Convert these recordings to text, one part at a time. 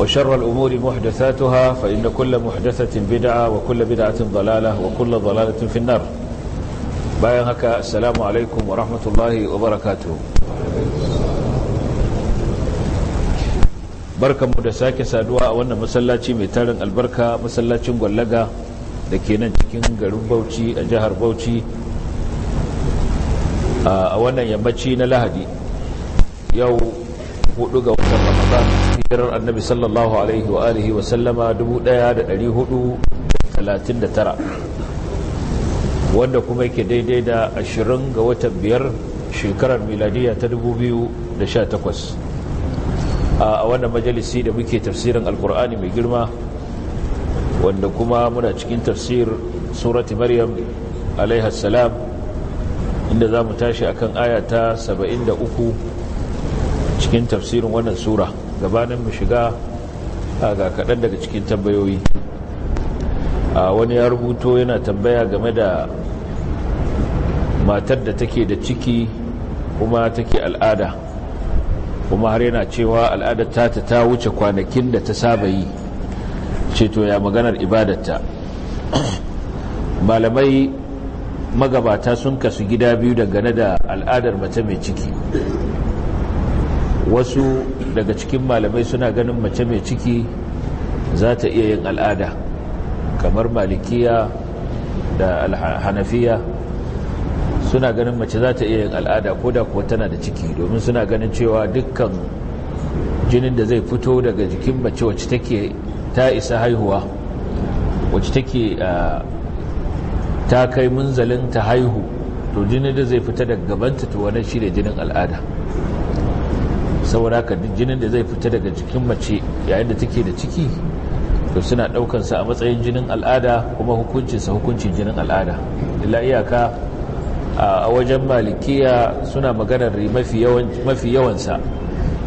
وشر الأمور محدثاتها فإن كل محدثة بدعة وكل بدعة ضلالة وكل ضلالة في النار bayan haka عليكم ورحمة الله وبركاته barkan mu da sake saduwa a wannan masallaci mai tarin albarka masallacin gwallaga da ke nan cikin garin bauci a jihar bauchi a wannan yammaci na lahadi yau hudu ga wannan masallaci hirar annabi sallallahu alaihi wa alihi wa sallama 1439 wanda kuma yake daidai da 20 ga watan biyar shekarar miladiya ta 2018 a wannan majalisi da muke tafsirin alkur'ani mai girma wanda kuma muna cikin tafsir surati maryam alaihas salam inda za mu tashi akan aya ta 73 cikin tafsirin wannan sura gabanin mu shiga ga kaɗan daga cikin tambayoyi wani ya rubuto yana tambaya game da matar da take da ciki kuma take al'ada kuma har yana cewa al'adar ta ta wuce kwanakin da ta saba yi ceto ya maganar ibadarta malamai magabata sun kasu gida biyu dangane da al'adar mace mai ciki wasu daga cikin malamai suna ganin mace mai ciki za ta iya yin al'ada kamar malikiya da hanafiya suna ganin mace za ta iya yin al'ada ko da kuwa tana da ciki domin suna ganin cewa dukkan jinin da zai fito daga jikin mace wacce take ta isa haihuwa wacce take ta kai munzalin ta haihu to jini da zai fita daga gabanta to wannan shi ne jinin al'ada saboda haka duk jinin da zai fita daga jikin mace yayin da take da ciki to suna sa a matsayin jinin al'ada kuma hukuncinsa hukuncin jinin al'ada illa iyaka a wajen malikiya suna maganar mafi yawansa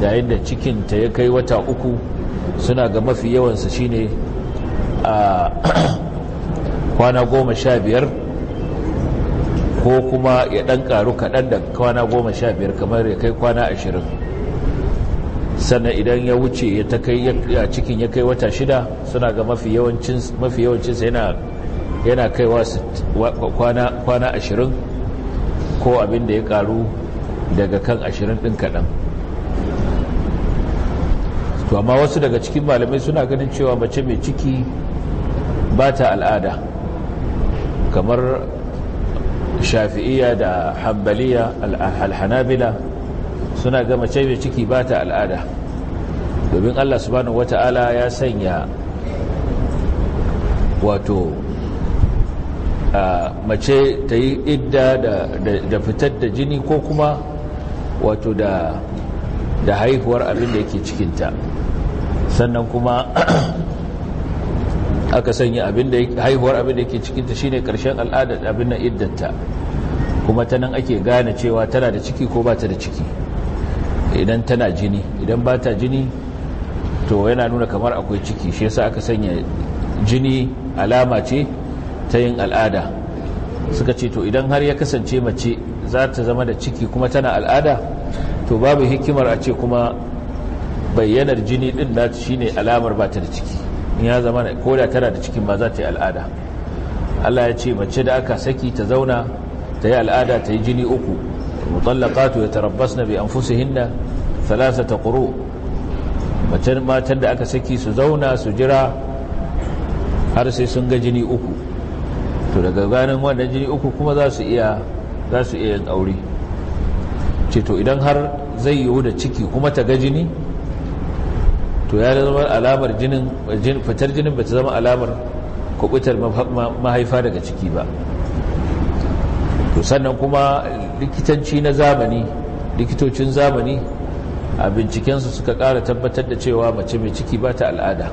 yayin da cikin ta ya kai wata uku suna ga mafi yawansa shine a kwana goma sha biyar ko kuma ya dan karu kaɗan da kwana goma sha biyar kamar ya kai kwana ashirin sannan idan ya wuce ya ta kai ya cikin ya kai wata shida suna ga mafi yawancinsa yana yana kaiwa kwana kwana ko abin da ya karu daga kan ashirin din kadan to amma wasu daga cikin malamai suna ganin cewa mace mai ciki ba ta al'ada kamar shafi'iyya da hambaliya hanabila suna ga mace mai ciki ba ta al'ada domin Allah subhanahu wata'ala ya sanya wato mace ta yi idda da fitar da jini ko kuma wato da haihuwar abin da yake cikinta sannan kuma aka sanya haihuwar abin da yake cikinta shine karshen al'adar abin na iddanta kuma ta nan ake gane cewa tana da ciki ko ba ta da ciki idan tana jini idan ba ta jini to yana nuna kamar akwai ciki shi yasa aka sanya jini alama ce ta yin al'ada suka ce to idan har ya kasance mace za ta zama da ciki kuma tana al'ada to babu hikimar a ce kuma bayyanar jini din shi ne alamar ba ta da ciki ya zama ko da tana da cikin ba za ta yi al'ada Allah ya ce mace da aka saki ta zauna ta yi al'ada ta yi jini uku mutallaqatu yatarabbasna bi salasa ta quru' matar matar da aka saki su zauna su jira har sai sun ga jini uku to daga ganin wannan jini uku kuma za su iya za su iya yin aure ce to idan har zai yiwu da ciki kuma ta ga jini to ya zama alamar jinin fitar jinin ba ta zama alamar kubutar mahaifa daga ciki ba to sannan kuma likitanci na zamani likitocin zamani a bincikensu suka kara tabbatar da cewa mace mai ciki ba ta al'ada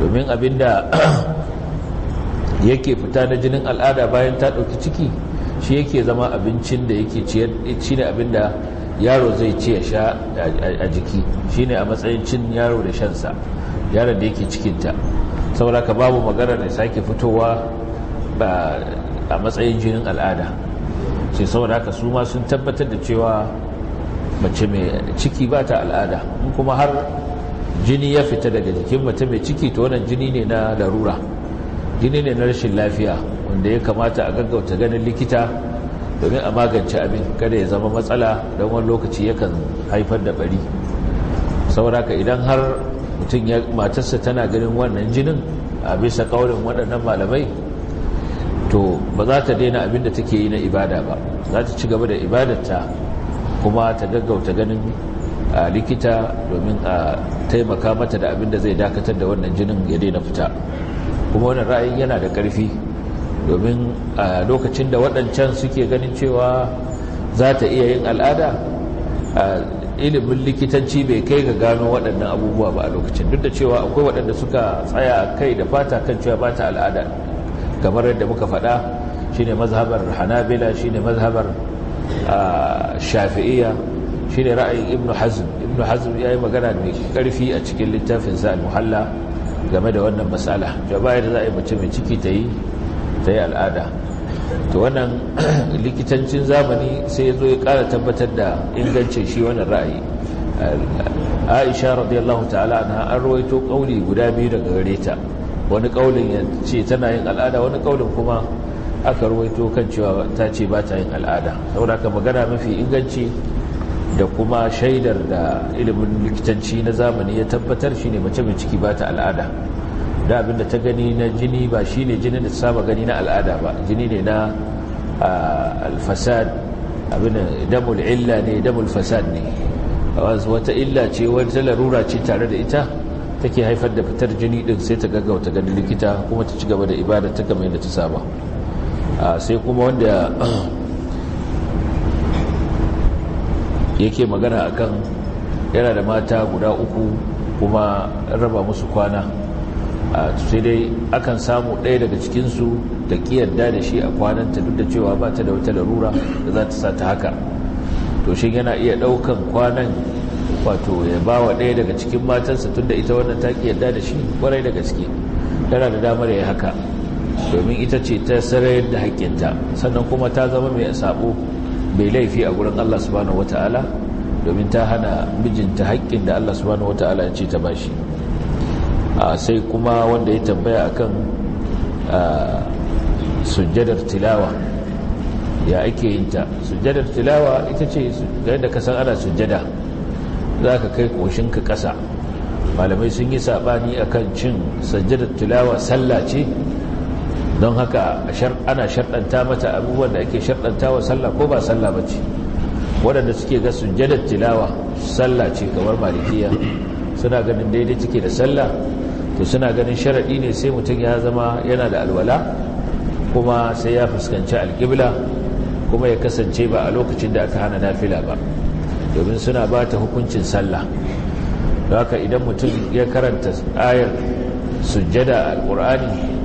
domin abinda yake fita na jinin al'ada bayan ta ɗauki ciki shi yake zama abincin da yake ci ne abinda yaro zai ci ya sha a jiki shi ne a matsayin cin yaro da shansa yaron da yake cikinta saboda ka babu magana da sake fitowa a matsayin jinin al'ada sai saboda ka su ma sun tabbatar da cewa mace mai ciki ba ta al'ada in kuma har jini ya fita daga jikin mace mai ciki to wannan jini ne na larura jini ne na rashin lafiya wanda ya kamata a gaggauta ganin likita domin a magance abin kada ya zama matsala don wani lokaci yakan haifar da bari sauraka idan har mutum ya matarsa tana ganin wannan jinin a bisa kaurin waɗannan malamai to ba za ta daina abin da take yi na ibada ba za ta ci gaba da ibadarta kuma ta gaggauta ganin likita domin a taimaka mata da abin da zai dakatar da wannan jinin ya daina fita kuma wannan ra'ayin yana da ƙarfi domin a lokacin da waɗancan suke ganin cewa za ta iya yin al'ada ilimin likitanci bai kai ga gano waɗannan abubuwa ba a lokacin duk da cewa akwai waɗanda suka tsaya kai da fata kan cewa ba ta al'ada kamar yadda muka faɗa shine mazhabar hanabila shine mazhabar shafi'iyya shine ra'ayin ibnu hazm ibnu hazm yi magana mai karfi a cikin littafin sa al-muhalla game da wannan mas'ala jama'a da za a yi mace mai ciki ta yi ta yi al'ada to wannan likitancin zamani sai ya zo ya ƙara tabbatar da ingancin shi wannan ra'ayi aisha radiyallahu ta'ala anha an rawaito ƙauli guda biyu daga gare ta wani kaulin ya ce tana yin al'ada wani kaulin kuma aka ruwaito kan cewa ta ce ba ta yin al'ada saura ka magana mafi inganci da kuma shaidar da ilimin likitanci na zamani ya tabbatar shine mace mai ciki ba ta al'ada da abinda ta gani na jini ba shine jini da saba gani na al'ada ba jini ne na alfasad abinda damul illa ne damul fasad ne wata illa ce wata larura ce tare da ita take haifar da fitar jini din sai ta gaggauta ganin likita kuma ta ci gaba da ibada ta game da ta saba sai kuma wanda yake magana a kan yana da mata guda uku kuma raba musu kwana sai dai akan samu ɗaya daga cikinsu da ƙiyarda da shi a kwananta duk da cewa ba ta da wata larura da za ta sa ta haka to shi yana iya ɗaukan kwanan wato ya ba wa ɗaya daga cikin matansa tun da ita wannan ta ƙiyarda da shi ƙwarai daga ciki yana da damar ya haka domin ita ce ta sarayar da haƙƙinta sannan kuma ta zama mai sabo bai laifi a gurin Allah subhanahu wata'ala domin ta hana mijinta haƙƙin da Allah subhanahu wata'ala ya ce ta bashi sai kuma wanda ya tambaya akan sujjadar tilawa ya ake yin ta sujjadar tilawa ita ce da ka san ana sujjada za ka kai ƙoshinka ƙasa malamai sun yi saɓani akan cin sujjadar tilawa sallah ce don haka ana sharɗanta mata abubuwan da ake sharɗanta wa sallah ko ba sallah ba ce waɗanda suke ga sujjadar tilawa sallah ce kamar malikiya suna ganin daidai take da sallah to suna ganin sharaɗi ne sai mutum ya zama yana da alwala kuma sai ya fuskanci alƙibla kuma ya kasance ba a lokacin da aka hana nafila ba domin suna ba ta hukuncin sallah haka idan mutum ya karanta ayar sujjada alƙur'ani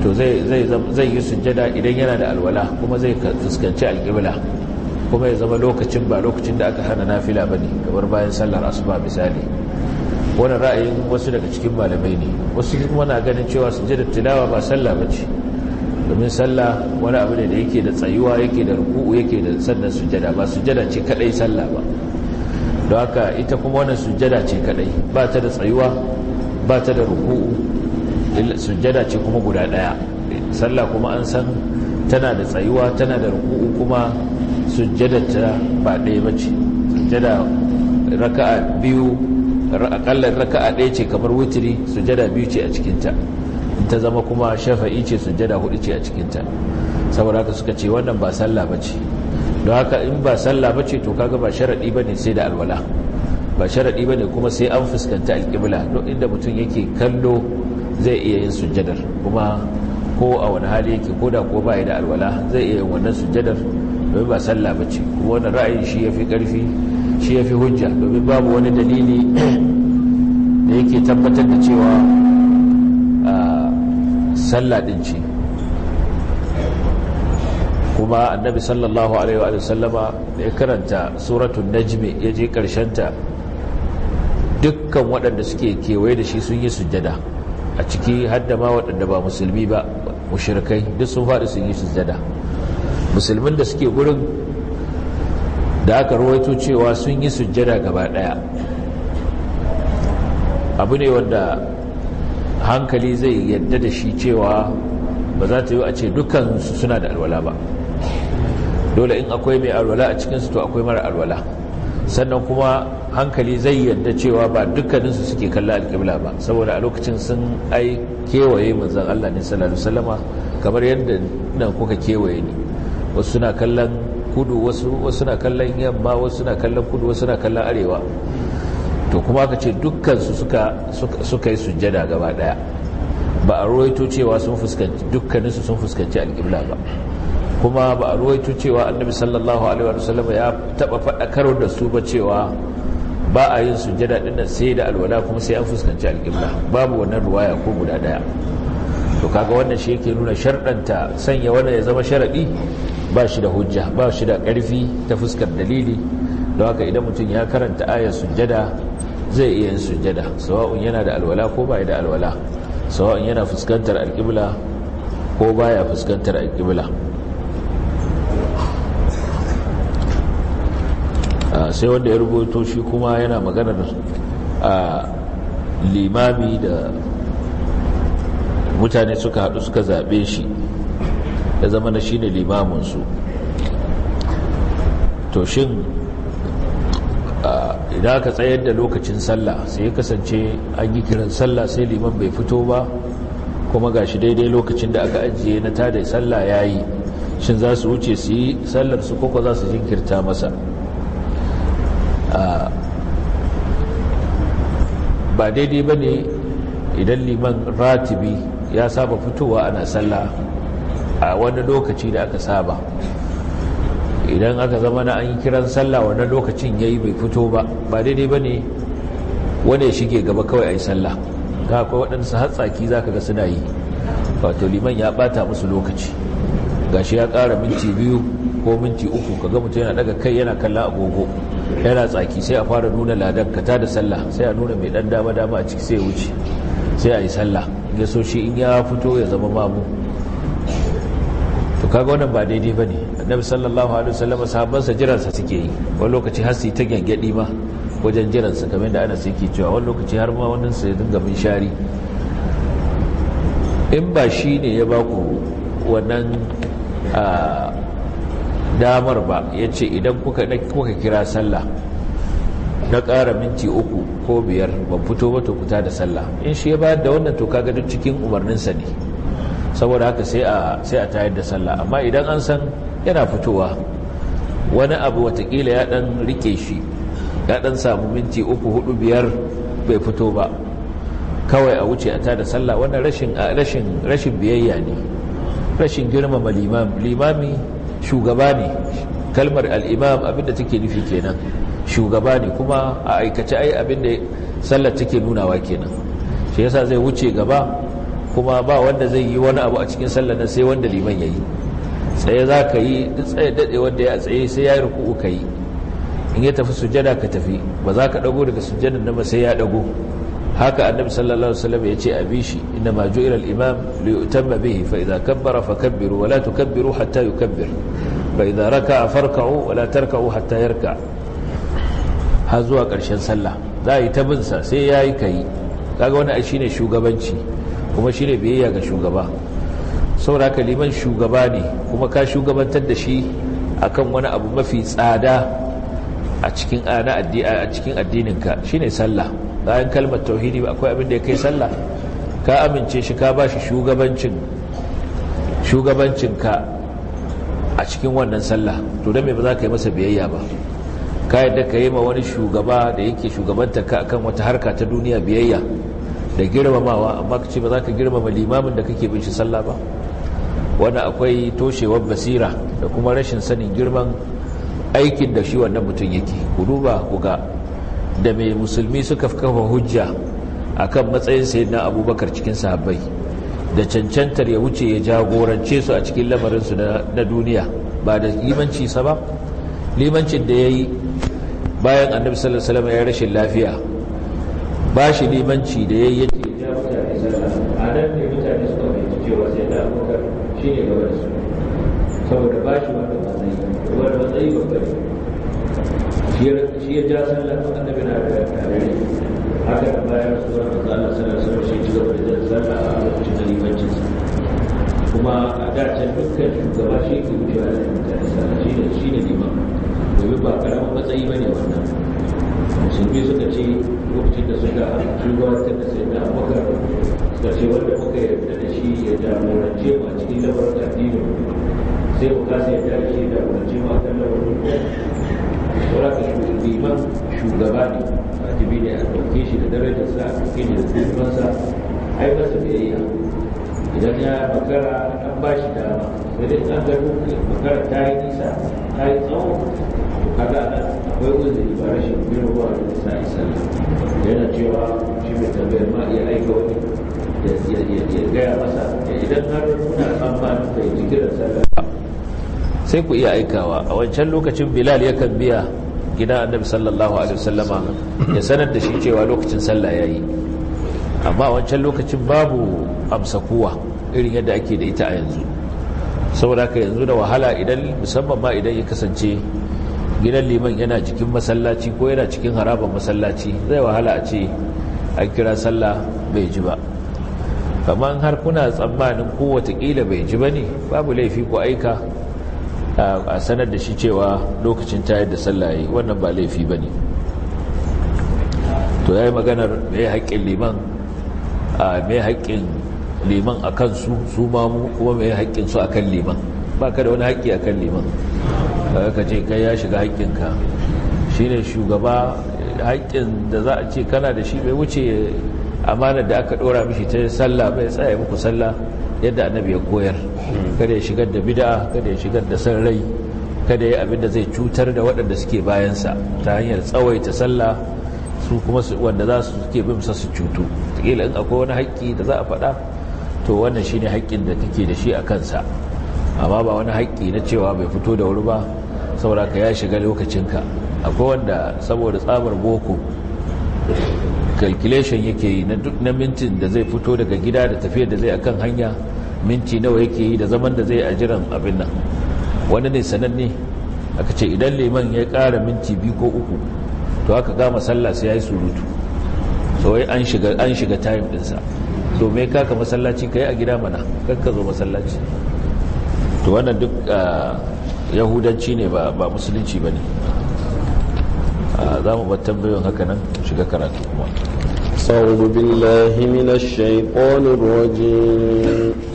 to zai yi sujjada idan yana da alwala kuma zai fuskanci alƙibla kuma ya zama lokacin ba lokacin da aka hana nafila ba ne kamar bayan sallar asuba misali wani ra'ayin wasu daga cikin malamai ne wasu kuma na ganin cewa sujjadar tilawa ba sallah ba ce domin sallah wani abu ne da yake da tsayuwa yake da ruku'u yake da sannan sujjada ba sujjada ce kadai sallah ba don haka ita kuma wannan sujjada ce kadai ba ta da tsayuwa ba ta da ruku'u sujjada ce kuma guda daya sallah kuma an san tana da tsayuwa tana da ruku'u kuma sujjada ta ba ɗaya bace sujjada raka'a biyu akalla raka'a ɗaya ce kamar wutiri sujjada biyu ce a cikinta ta zama kuma shafa'i ce sujjada hudu ce a cikinta saboda haka suka ce wannan ba sallah ce don haka in ba sallah ce to kaga ba ba ne sai da alwala ba ba bane kuma sai an fuskanta alƙibla don inda mutum yake kallo zai iya yin sujjadar kuma ko a wani hali yake ko da ko ba da alwala zai iya yin wannan sujjadar domin ba sallah ba ce kuma wani ra'ayin shi ya fi ƙarfi shi ya fi hujja domin babu wani dalili da yake tabbatar da cewa sallah ɗin ce kuma annabi sallallahu alaihi wa sallama da ya karanta suratun najmi ya je ta dukkan waɗanda suke kewaye da shi sun yi sujjada a ciki hadda ma waɗanda ba musulmi ba mushirikai duk sun faɗi sun yi sujjada musulmin da suke gurin da aka rawaito cewa sun yi sujjada gaba ɗaya abu ne wanda hankali zai yadda da shi cewa ba za ta yi a ce dukansu suna da alwala ba dole in akwai mai alwala a cikinsu to akwai mara alwala sannan kuma hankali zai yadda cewa ba dukkaninsu suke kalla alƙibla ba saboda a lokacin sun ai kewaye manzan Allah ne sallallahu salama kamar yadda nan kuka kewaye ne wasu suna kallon kudu wasu suna kallon yamma wasu suna kallon kudu wasu suna kallon arewa to kuma aka ce dukkansu suka yi sujjada gaba daya ba a ruwaito cewa sun fuskanci dukkaninsu sun fuskanci alƙibla ba kuma ba a ruwaito cewa annabi sallallahu alaihi wa sallam ya taba faɗakar da su ba cewa ba a yin sujada din nan sai da alwala kuma sai an fuskanci alƙibla babu wannan ruwaya ko guda daya to kaga wannan shi yake nuna sharɗanta sanya wannan ya zama sharaɗi ba shi da hujja ba shi da ƙarfi ta fuskar dalili don haka idan mutum ya karanta ayar sujada zai iya yin sujada. sawa'un yana da alwala ko ba da alwala sawa'un yana fuskantar alƙibla ko baya fuskantar alƙibla sai wanda ya rubuto shi kuma yana maganar limami da mutane suka hadu suka zaɓe shi ya zama na shi ne limaminsu to shin idan aka tsayar da lokacin sallah sai ya kasance an yi kiran sallah sai liman bai fito ba kuma ga shi daidai lokacin da aka ajiye na tada sallah ya yi shin za su wuce su yi sallar su koko za su jinkirta masa ba daidai ba ne idan liman ratibi ya saba fitowa ana sallah a wani lokaci da aka saba idan aka zama na an yi kiran sallah wani lokacin ya yi bai fito ba ba daidai ba ne wani ya shige gaba kawai a yi sallah ga akwai waɗansu hatsaki za ka ga suna yi wato liman ya ɓata musu lokaci gashi ya ƙara minti biyu ko minti uku ka ga mutum yana daga kai yana kalla agogo yana tsaki sai a fara nuna ladan ka da sallah sai a nuna mai dan dama dama a ciki sai ya wuce sai a yi sallah ya so shi in ya fito ya zama mamu to kaga wannan ba daidai bane annabi sallallahu alaihi wasallam sahabban sa jiran sa suke yi wani lokaci har su ta gangadi ma wajen jiransa sa kamar da ana sai ke cewa wani lokaci har ma wannan sa ya dinga bin shari in ba shi ne ya ba baku wannan ah, damar ba ya ce idan kuka kira sallah na ƙara minti uku ko biyar ban fito ba to kuta da sallah in shi ya bayar da wannan to kaga duk cikin sa ne saboda haka sai a sai a tayar da sallah amma idan an san yana fitowa wani abu watakila ya dan rike shi ya dan samu minti uku hudu biyar bai fito ba kawai a wuce a da sallah wannan rashin rashin biyayya ne rashin girmama limami shugaba ne kalmar al'imam abinda take nufi kenan shugaba ne kuma a aikace ai abinda sallar take nunawa kenan shi yasa zai wuce gaba kuma ba wanda zai yi wani abu a cikin sallar nan sai wanda liman ya yi tsaye za ka yi duk tsaye daɗe wanda ya tsaye sai ya yi ruku'u ka yi in ya tafi sujada ka tafi ba za ka ɗago daga sujada na ba sai ya ɗago haka annabi sallallahu alaihi wasallam ya ce a bi shi inna ma ju'ila al-imam li yutamma bihi fa idza kabbara fakabbiru wa la tukabbiru hatta yukabbir fa idza raka'a farka'u wa la tarka'u hatta yarka har zuwa karshen sallah za a yi ta binsa sai yayi kai kaga wani ai shine shugabanci kuma shine biyayya ga shugaba saboda haka liman shugaba ne kuma ka shugabantar da shi akan wani abu mafi tsada a cikin ana a cikin ka shine sallah bayan kalmar tauhidi ba akwai abin da ya kai sallah ka amince shi ka ba shi shugabancin ka a cikin wannan sallah to da me ba za ka yi masa biyayya ba ka yadda ka yi ma wani shugaba da yake shugabanta ka akan wata harka ta duniya biyayya da girmamawa amma ka ce ba za ka girmama limamin da kake bin shi sallah ba wani akwai toshewar basira da kuma rashin sanin girman aikin da shi wannan mutum yake ku duba ku ga da mai musulmi suka kafa hujja akan matsayin sayyidina abubakar cikin sahabbai da cancantar ya wuce ya jagorance su a cikin lamarin su na duniya ba da limanci sa ba limancin da ya yi bayan annabi sallallahu alaihi wasallam ya rashin lafiya ba shi limanci da ya yi yake ya mutane sallah a nan ne mutane suka fahimci cewa sai da abubakar shi ne gaba da su saboda ba shi wanda matsayi wanda matsayi babba ne shi ya ja sallah annabi na da tare haka da bayan suwar da Allah sallallahu alaihi wasallam shi ci gaba da sallah a lokacin da limancin kuma a dace dukkan shugaba shi ke wucewa da mutane sallah shi ne shi ne liman domin ba karamin matsayi ba bane wannan musulmi suka ce lokacin da suka shugabantar da sai da abubakar suka ce wanda muka yarda da shi ya jagorance mu a cikin lamarin addini sai mu kasa yarda da shi ya jagorance mu a kan lamarin liman shugaba ne wajibi ne a ɗauke shi da darajar sa a ɗauke shi da tsufansa ai masa yi idan ya makara an ba shi dama sai dai an ga makara ta yi nisa ta yi tsawo kaga akwai uzuri ba rashin girma da nisa isa yana cewa shi mai tambayar ma iya aika wani ya gaya masa idan har kuna amfani da ji kiran sallah sai ku iya aikawa a wancan lokacin bilal ya kan biya gidan annabi sallallahu alaihi wasallama ya sanar da shi cewa lokacin sallah yayi amma wancan lokacin babu amsa kuwa irin yadda ake da ita a yanzu saboda ka yanzu da wahala idan musamman ma idan ya kasance gidan liman yana cikin masallaci ko yana cikin harabar masallaci zai wahala a ce an kira sallah bai ji ba kamar har kuna tsammanin ko watakila bai ji ba ne babu laifi ko aika a sanar da shi cewa lokacin tayar da sallah wannan ba laifi ba ne to ya yi maganar mai haƙƙin liman a mai haƙƙin liman a su su ma mu kuma mai haƙƙin su akan liman ka da wani haƙƙi akan liman ka ce kai ya shiga haƙƙinka ne shugaba haƙƙin da za a ce kana da shi mai wuce amanar da aka ɗora mishi ta sallah bai tsaye muku sallah yadda annabi ya koyar kada ya shigar da bid'a kada ya shigar da san rai kada ya abinda zai cutar da waɗanda suke bayansa ta hanyar tsawaita sallah su kuma wanda za su suke bimsa su cutu kila in akwai wani haƙƙi da za a faɗa to wannan shine haƙƙin da kake da shi a kansa amma ba wani haƙƙi na cewa bai fito da wuri ba saboda ka ya shiga lokacinka akwai wanda saboda tsabar boko calculation yake yi na duk na mintin da zai fito daga gida da tafiyar da zai akan hanya minti nawa yake yi da zaman da zai a jiran abin nan wani ne sananne aka ce idan liman ya kara minti biyu ko uku to aka gama sallah sai ya yi surutu wai an shiga time ɗinsa to me kaka masallaci ka yi a gida mana kakka zo masallaci to wannan duk yahudanci ne ba musulunci ba ne za mu bar bayan haka nan shiga karatu kuma أعوذ بالله من الشيطان الرجيم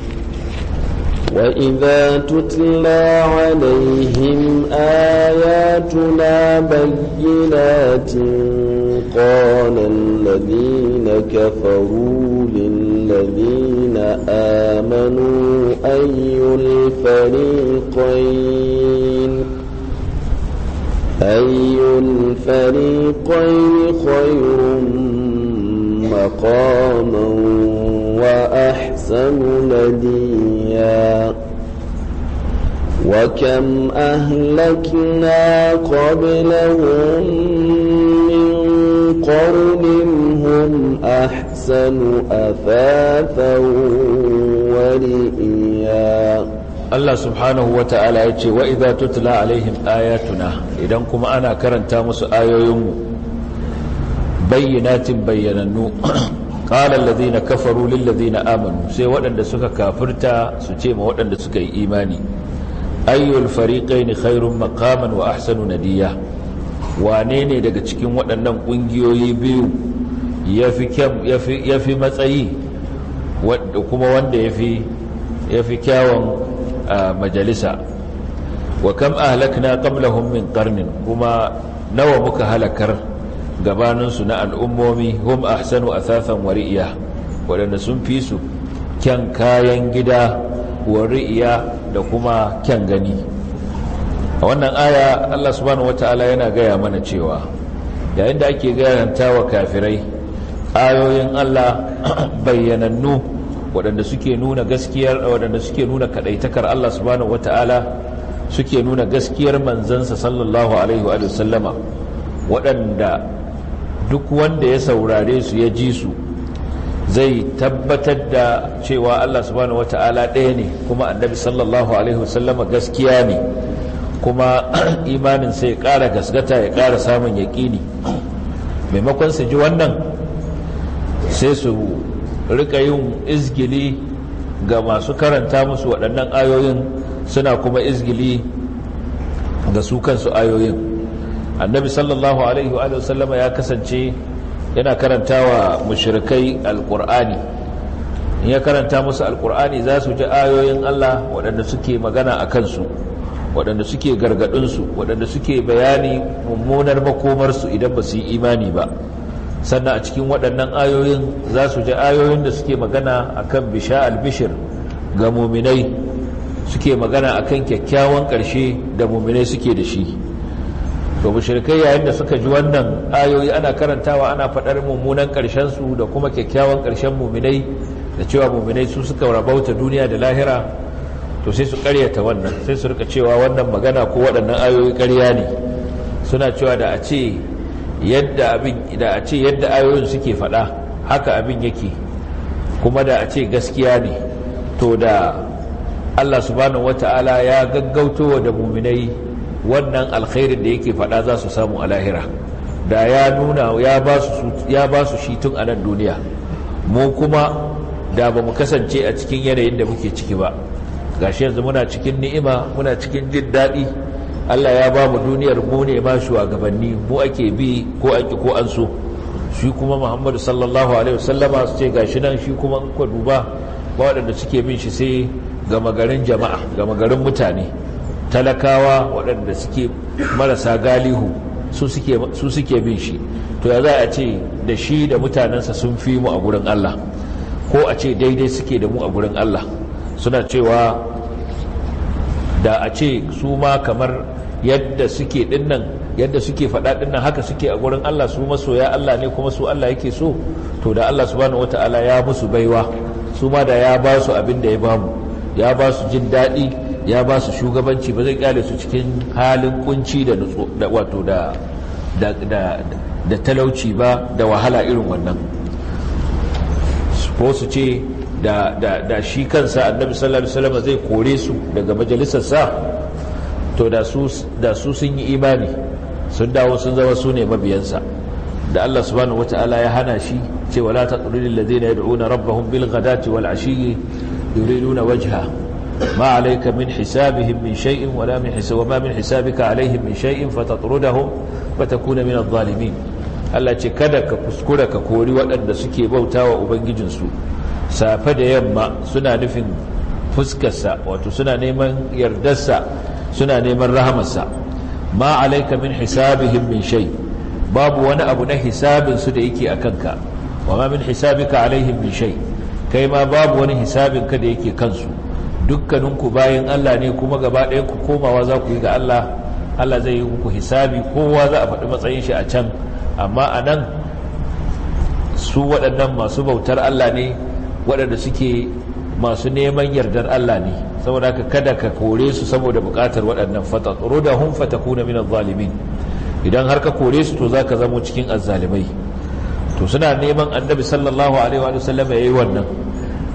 وإذا تتلى عليهم آياتنا بينات قال الذين كفروا للذين آمنوا أي الفريقين أي الفريقين خير مقاما وأحسن نديا وكم أهلكنا قبلهم من قرن هم أحسن أثاثا ورئيا الله سبحانه وتعالى يقول وإذا تتلى عليهم آياتنا إذا كم أنا كرنتا مس يوم بينات بيننو qala allazina kafaru lil amanu sai waɗanda suka kafirta su ce ma waɗanda suka yi imani ayyul fariqaini khairun makaman wa ahsanu nadiya wane ne daga cikin waɗannan ƙungiyoyi biyu ya fi matsayi kuma wanda ya fi kyawun majalisa wa kam ahlakna qablahum min ƙarnin kuma nawa muka halakar gabaninsu na al'ummomi hum ahsanu asasan wa waɗanda sun fi su kyan kayan gida wa da kuma kyan gani a wannan aya Allah subhanahu ta'ala yana gaya mana cewa yayin da ake garanta wa kafirai ayoyin Allah bayyanannu waɗanda suke nuna gaskiyar waɗanda suke nuna kaɗaitakar Allah subhanahu ta'ala suke nuna gaskiyar manzansa sallallahu alaihi wa sallama waɗanda duk wanda ya saurare su ya ji su zai tabbatar da cewa Allah subhanahu wata'ala ɗaya ne kuma annabi sallallahu alaihi wasallama gaskiya ne kuma imanin sai ya ƙara gasgata ya ƙara samun yaƙini maimakon su ji wannan sai su rika yin izgili ga masu karanta musu waɗannan ayoyin suna kuma izgili ga su kansu ayoyin annabi sallallahu alaihi wa sallama ya kasance yana karantawa mushrikai alqur'ani in ya karanta musu al'kur'ani za su ji ayoyin Allah waɗanda suke magana a kansu waɗanda suke gargaɗinsu waɗanda suke bayani mummunar makomarsu idan ba su yi imani ba sannan a cikin waɗannan ayoyin za su ji ayoyin da suke magana a kan bisha albishir ga muminai suke magana a kan kyakkyawan ƙarshe da muminai suke da shi to mushrikai yayin da suka ji wannan ayoyi ana karantawa ana faɗar mummunan ƙarshen su da kuma kyakkyawan ƙarshen muminai da cewa muminai su suka rabauta duniya da lahira to sai su ƙaryata wannan sai su rika cewa wannan magana ko waɗannan ayoyi ƙarya ne suna cewa da a ce yadda abin da a ce yadda ayoyin suke faɗa haka abin yake kuma da a ce gaskiya ne to da Allah subhanahu wata'ala ya gaggautowa da muminai wannan alkhairin da yake faɗa za su samu a lahira da ya nuna ya ba su shi tun a nan duniya mu kuma da ba mu kasance a cikin yanayin da muke ciki ba gashi yanzu muna cikin ni'ima muna cikin jin daɗi allah ya ba mu duniyar mu ne ma shugabanni mu ake bi ko ake ko an so shi kuma muhammadu sallallahu alaihi wasallama su ce gashi nan shi kuma ka duba ba waɗanda suke bin shi sai gama garin jama'a gama garin mutane talakawa waɗanda suke marasa galihu su suke bin shi to ya za a ce da shi da mutanensa sun fi mu a gurin Allah ko a ce daidai suke da mu a gurin Allah suna cewa da a ce su ma kamar yadda suke dinnan yadda suke faɗa dinnan haka suke a gurin Allah su masoya Allah ne kuma su Allah yake so to da Allah subhanahu wataala ya musu baiwa su ma da ya ba su abin da ya ba mu ya ba su jin daɗi ya ba su shugabanci ba zai kyale su cikin halin kunci da wato da da talauci ba da wahala irin wannan ko su ce da shi kansa annabi sallallahu alaihi wasallam zai kore su daga sa to da su sun yi imani sun dawo sun zama su ne mabiyansa da Allah subhanahu wata'ala ya hana shi ce wala taqrudil ladina yad'una rabbahum bil ghadati wal ashiyyi yuriduna wajha ما عليك من حسابهم من شيء ولا من حساب وما من حسابك عليهم من شيء فتطردهم فتكون من الظالمين Allah ce kada ka kuskura ka kori waɗanda suke bauta bautawa ubangijinsu safe da yamma suna nufin fuskarsa wato suna neman yardarsa suna neman rahamarsa ma alaika min hisabihim min shay babu wani abu na su da yake a kanka wa ma min hisabika alaihim min shay kai ma babu wani hisabinka da yake kansu dukkaninku bayan Allah ne kuma gaba ɗaya ku komawa za ku yi ga Allah Allah zai yi muku hisabi kowa za a faɗi matsayin shi a can amma a nan su waɗannan masu bautar Allah ne waɗanda suke masu neman yardar Allah ne saboda ka kada ka kore su saboda buƙatar waɗannan fata tsoro da hun fata kuna min zalimin idan har ka kore su to za ka zamo cikin azzalimai to suna neman annabi sallallahu alaihi wa sallam ya yi wannan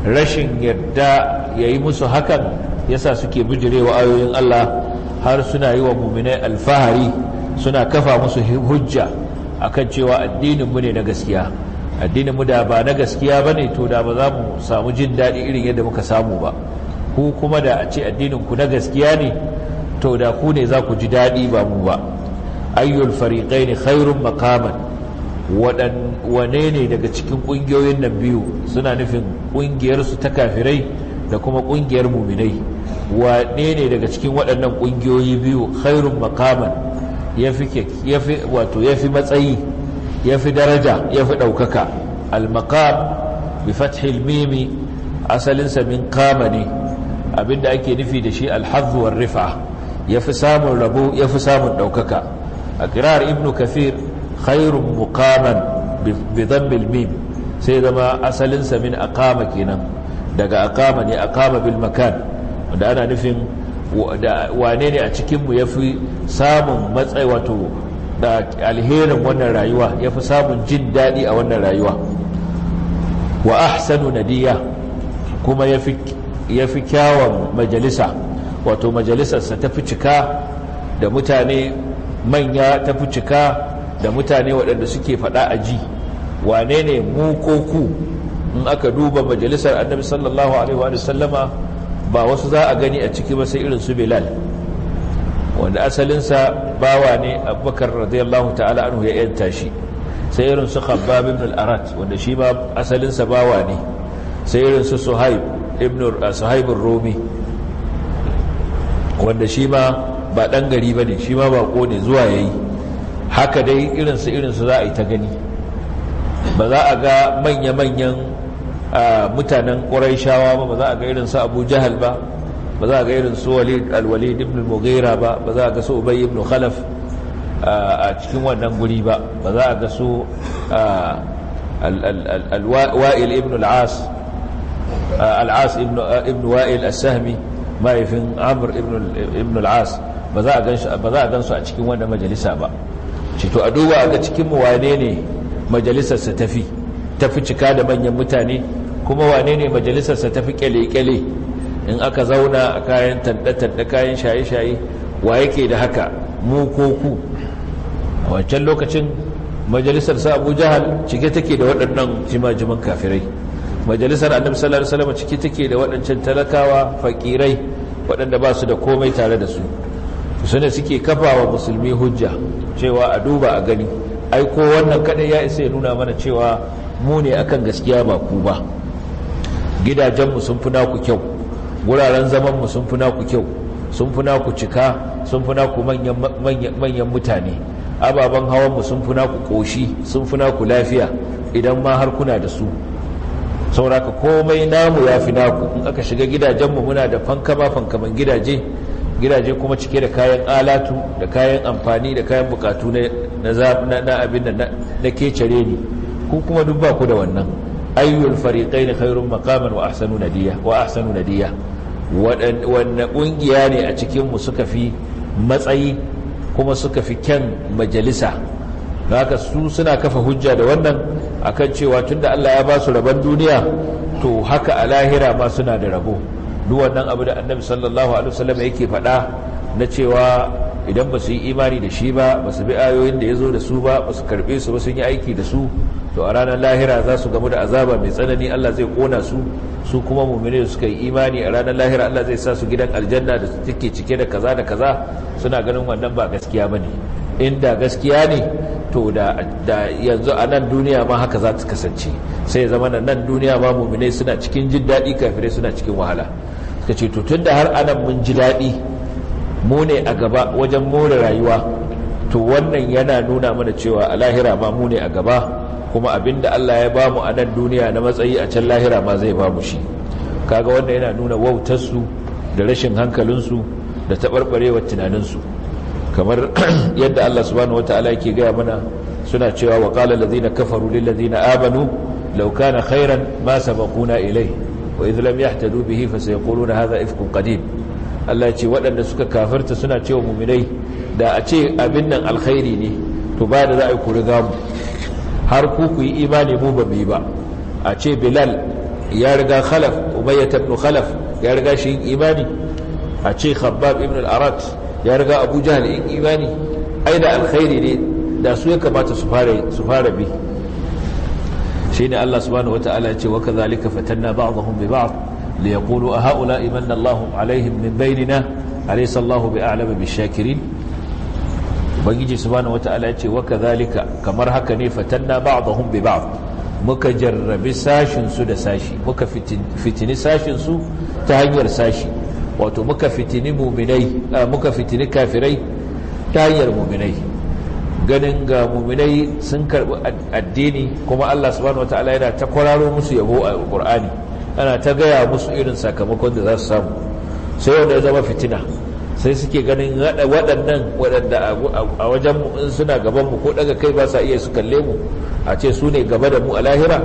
rashin yarda ya yi musu hakan yasa suke bijirewa ayoyin Allah har suna yi wa muminai alfahari suna kafa musu hujja a kan cewa addininmu ne na gaskiya addininmu da ba na gaskiya ba ne to da ba za mu samu jin daɗi irin yadda muka samu ba ku kuma da a ce addininku na gaskiya ne to da ku ne za ku ji daɗi ba mu ba ayyul fariƙai ne khairun makaman wane ne daga cikin ƙungiyoyin nan biyu suna nufin ƙungiyarsu ta kafirai da kuma ƙungiyar muminai wane ne daga cikin waɗannan ƙungiyoyi biyu khairun makaman wato ya fi matsayi ya fi daraja ya fi ɗaukaka al-maqam bi fathil mimi asalinsa min kama ne abinda ake nufi da shi alhazuwar rifa ya fi samun rabo ya fi samun ɗaukaka a kirar ibn kafir khairun mukaman bi zambil mim sai zama asalinsa min akama kenan daga akama ne akama bil makan wanda ana nufin wane ne a cikinmu ya fi samun matsayi wato da alherin wannan rayuwa ya fi samun jin daɗi a wannan rayuwa wa ahsanu nadiya kuma ya fi kyawun majalisa wato majalisarsa ta fi cika da mutane manya ta fi cika da mutane waɗanda suke faɗa a ji wane ne mu ko ku in aka duba majalisar annabi sallallahu alaihi sallama ba wasu za a gani a ciki ba sai irin su bilal wanda asalinsa bawa ne abubakar radiyallahu ta'ala anhu ya yanta shi sai irin su khabbab ibn al-arat wanda shi ma asalinsa bawa ne sai irin su suhaib ibn uh, suhaib rumi wanda shi ma ba dan gari bane shi ma bako ne zuwa yayi haka dai irin su irin su za a yi ta gani ba za a ga manya-manyan mutanen ƙuraishawa ba ba za a ga irin su abu jahal ba ba za a ga irin su walid alwalid ibn mughira ba ba za a ga su ubay ibn khalaf a cikin wannan guri ba ba za a ga su alwail ibn al'as al'as ibn wa'il as-sahmi mahaifin amr ibn al'as ba za a gan su a cikin wannan majalisa ba cito a duba ga cikin wane ne majalisarsa tafi tafi cika da manyan mutane kuma wane ne majalisarsa ta fi kyale-kyale in aka zauna a kayan tanɗe kayan shaye-shaye wa yake da haka mu ko ku a wancan lokacin majalisarsa abu jihar cike take da waɗannan jimajiman kafirai majalisar annabi sallallahu alaihi wasallam cike take da waɗancan talakawa fakirai waɗanda ba su da komai tare da su sune suke kafa wa musulmi hujja cewa a duba a gani ai ko wannan kaɗai ya isa ya nuna mana cewa mu ne akan gaskiya ba ku ba gidajenmu sun fi naku kyau wuraren zamanmu sun fi naku kyau sun fi naku cika sun fi naku manyan mutane ababen hawanmu sun fi naku ƙoshi sun fi naku lafiya idan ma har kuna da su sauraka komai namu ya fi naku in aka shiga gidajenmu muna da fankama fankaman gidaje gidaje kuma cike da kayan alatu da kayan amfani da kayan bukatu na abin da na kecare ne ku kuma duk ku da wannan ayyul fariqain khairun maqaman wa ahsanu nadiya wa ahsanu nadiya wanne ƙungiya ne a cikin mu suka fi matsayi kuma suka fi kyan majalisa haka su suna kafa hujja da wannan akan cewa tunda Allah ya ba su rabon duniya to haka a lahira ma suna da rabo duk wannan abu da Annabi sallallahu alaihi wasallam yake faɗa na cewa idan ba su yi imani da shi ba ba su bi ayoyin da ya zo da su ba ba su karbe su ba sun yi aiki da su to a ranar lahira za su gamu da azaba mai tsanani Allah zai kona su su kuma mummune suka yi imani a ranar lahira Allah zai sa su gidan aljanna da take cike da kaza da kaza suna ganin wannan ba gaskiya bane inda gaskiya ne to da yanzu a nan duniya ma haka za ta kasance sai zama nan duniya ma mummune suna cikin jin daɗi kafirai suna cikin wahala suka ce to tun da har anan mun ji daɗi mu ne a gaba wajen more rayuwa to wannan yana nuna mana cewa a lahira ma mu ne a gaba kuma abinda Allah ya bamu a nan duniya na matsayi a can lahira ma zai bamu shi kaga wannan yana nuna wautarsu da rashin hankalinsu da taɓarɓarewar tunaninsu kamar yadda Allah subhanahu wata'ala yake gaya mana suna cewa wa qala allazina kafaru lil ladzina amanu law kana khairan ma sabaquna ilayhi wa idh lam yahtadu bihi fasayquluna hadha ifkun qadim Allah ce waɗanda suka kafirta suna cewa muminai da a ce abin nan alkhairi ne to ba da za a yi har ku ku yi imani mu ba ba a ce bilal ya riga khalaf umayya ibn khalaf ya riga shi imani a ce khabbab ibn al-arat ya riga abu jahl imani ai da alkhairi ne da su ya kamata su fara su fara bi shine Allah subhanahu wataala ya ce wa kadhalika fatanna ba'dahum bi ba'd ليقولوا أهؤلاء من الله عليهم من بيننا أليس الله بأعلم بالشاكرين ubangiji subhanahu wataala ya ce wa kadhalika kamar haka ne fatanna ba'dahum bi ba'd muka jarrabi sashin su da sashi muka fitini sashin su ta hanyar sashi wato muka fitini mu'minai muka fitini kafirai ta hanyar mu'minai ganin ga mu'minai sun karbi addini kuma Allah subhanahu wataala yana ta kwararo musu yabo a alqur'ani ana ta gaya musu irin sakamakon da za su samu sai wanda ya zama fitina sai suke ganin waɗannan waɗanda a wajen in suna gaban mu ko daga kai ba sa iya su kalle mu a ce su ne gaba da mu a lahira